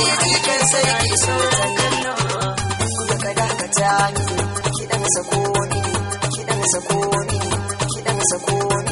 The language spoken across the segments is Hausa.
kiɗan sako kiɗan sako kiɗan sako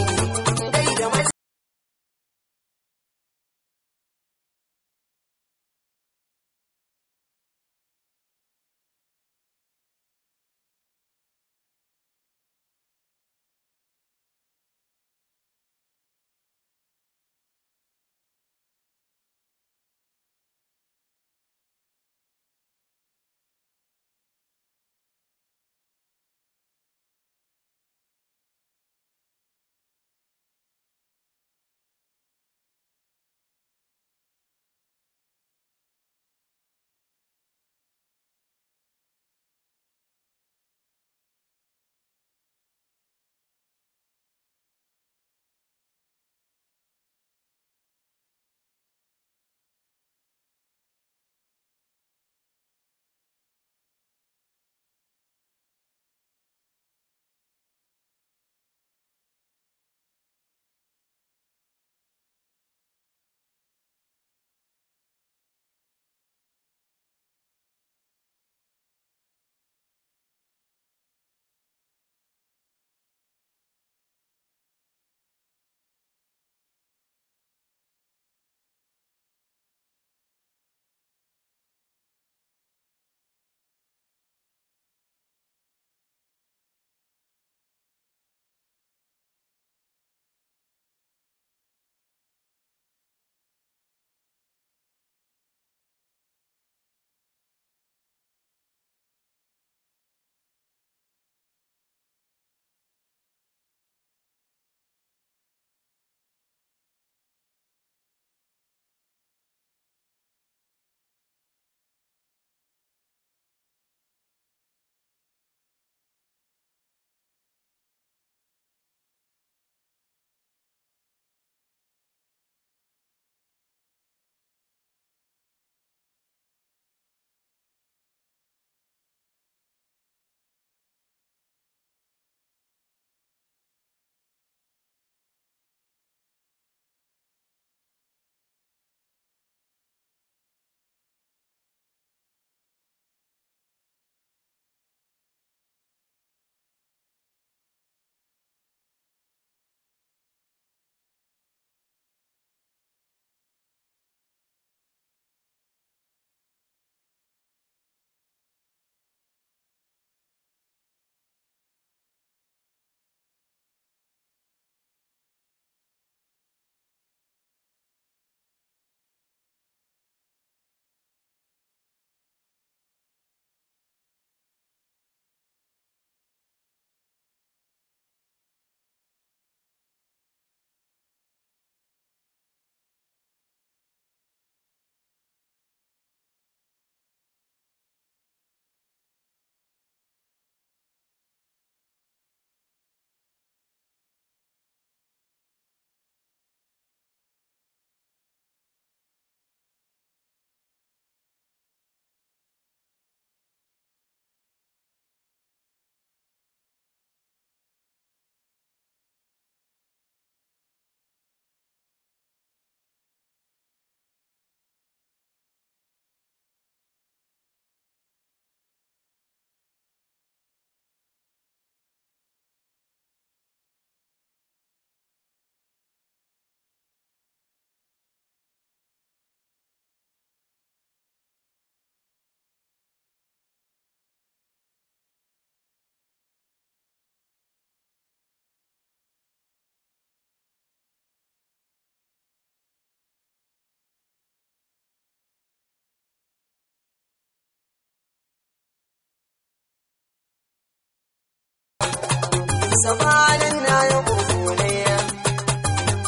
samanin na ya kokore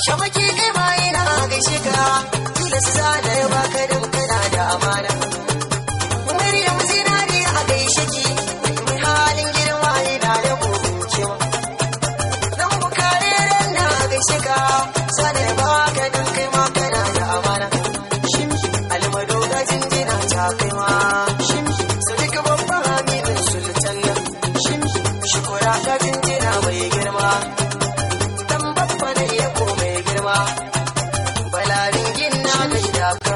shamaki ne ma yana gaishe ka tilasta da ya baka da da amana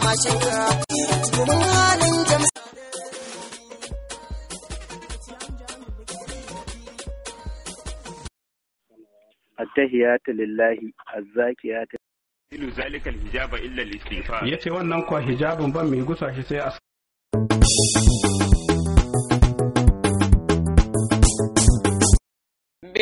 mashinka domin halin jamsa attahiyatu lillahi wannan kuwa hijabin ban mai gusa shi sai a